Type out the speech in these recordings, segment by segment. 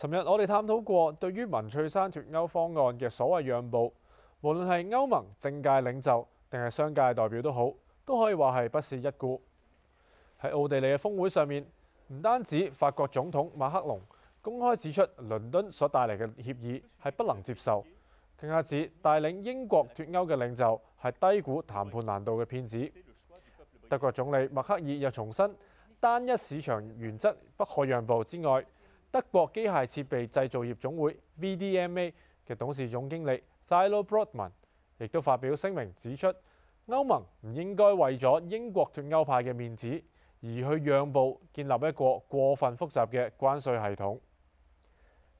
尋日我哋探討過對於文翠珊脱歐方案嘅所謂讓步，無論係歐盟政界領袖定係商界代表都好，都可以話係不屑一顧。喺奧地利嘅峰會上面，唔單止法國總統馬克龍公開指出倫敦所帶嚟嘅協議係不能接受，更加指帶領英國脱歐嘅領袖係低估談判難度嘅騙子。德國總理默克爾又重申單一市場原則不可讓步之外。德國機械設備製造業總會 VDMA 嘅董事總經理 Thilo Brodman 亦都發表聲明指出，歐盟唔應該為咗英國脱歐派嘅面子而去讓步，建立一個過分複雜嘅關稅系統。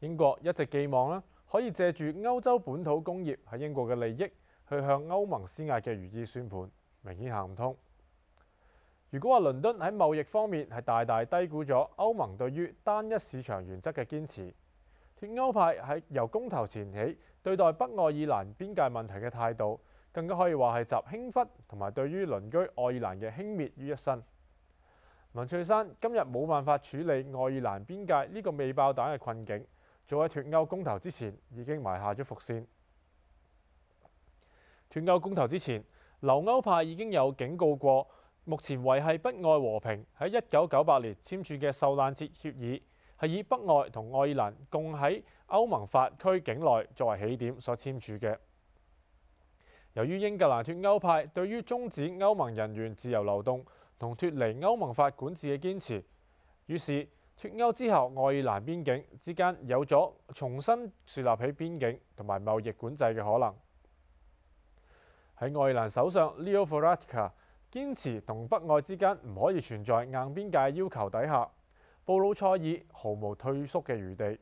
英國一直寄望呢可以借住歐洲本土工業喺英國嘅利益去向歐盟施壓嘅如意算盤，明顯行唔通。如果話倫敦喺貿易方面係大大低估咗歐盟對於單一市場原則嘅堅持，脱歐派喺由公投前起對待北愛爾蘭邊界問題嘅態度，更加可以話係集輕忽同埋對於鄰居愛爾蘭嘅輕蔑於一身。文翠珊今日冇辦法處理愛爾蘭邊界呢個未爆彈嘅困境，早喺脱歐公投之前已經埋下咗伏線。脱歐公投之前，留歐派已經有警告過。目前維繫北愛和平喺一九九八年簽署嘅《受難節協議》，係以北愛同愛爾蘭共喺歐盟法區境內作為起點所簽署嘅。由於英格蘭脱歐派對於終止歐盟人員自由流動同脱離歐盟法管治嘅堅持，於是脱歐之後，愛爾蘭邊境之間有咗重新樹立起邊境同埋貿易管制嘅可能。喺愛爾蘭首相 Leo Varadkar 堅持同北愛之間唔可以存在硬邊界，要求底下，布魯塞爾毫無退縮嘅餘地。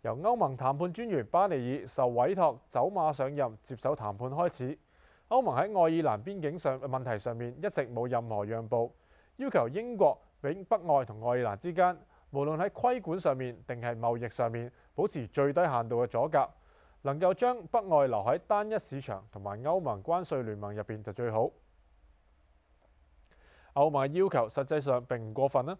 由歐盟談判專員巴尼爾受委託走馬上任接手談判開始，歐盟喺愛爾蘭邊境上嘅問題上面一直冇任何讓步，要求英國俾北愛同愛爾蘭之間，無論喺規管上面定係貿易上面，保持最低限度嘅阻隔，能夠將北愛留喺單一市場同埋歐盟關稅聯盟入邊就最好。歐盟嘅要求實際上並唔過分啊。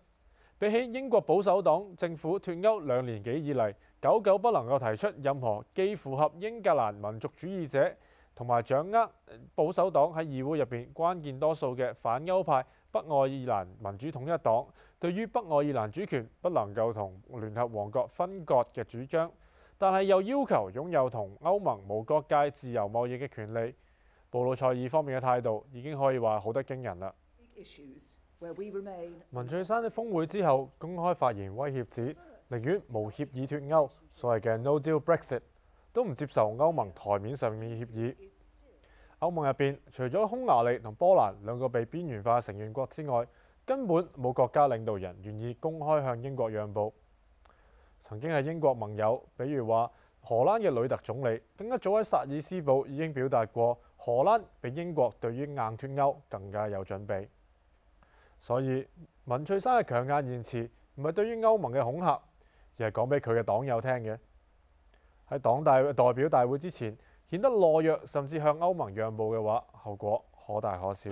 比起英國保守黨政府脫歐兩年幾以嚟，久久不能夠提出任何既符合英格蘭民族主義者同埋掌握保守黨喺議會入邊關鍵多數嘅反歐派北愛爾蘭民主統一黨對於北愛爾蘭主權不能夠同聯合王國分割嘅主張，但係又要求擁有同歐盟無國界自由貿易嘅權利，布魯塞爾方面嘅態度已經可以話好得驚人啦。文翠珊喺峰會之後公開發言威脅指，指寧願無協議脱歐，所謂嘅 No Deal Brexit，都唔接受歐盟台面上面協議。歐盟入邊，除咗匈牙利同波蘭兩個被邊緣化嘅成員國之外，根本冇國家領導人願意公開向英國讓步。曾經係英國盟友，比如話荷蘭嘅呂特總理，更加早喺薩爾斯堡已經表達過荷蘭比英國對於硬脱歐更加有準備。所以，文翠珊嘅強硬言辭唔係對於歐盟嘅恐嚇，而係講俾佢嘅黨友聽嘅。喺黨大代表大會之前，顯得懦弱，甚至向歐盟讓步嘅話，後果可大可小。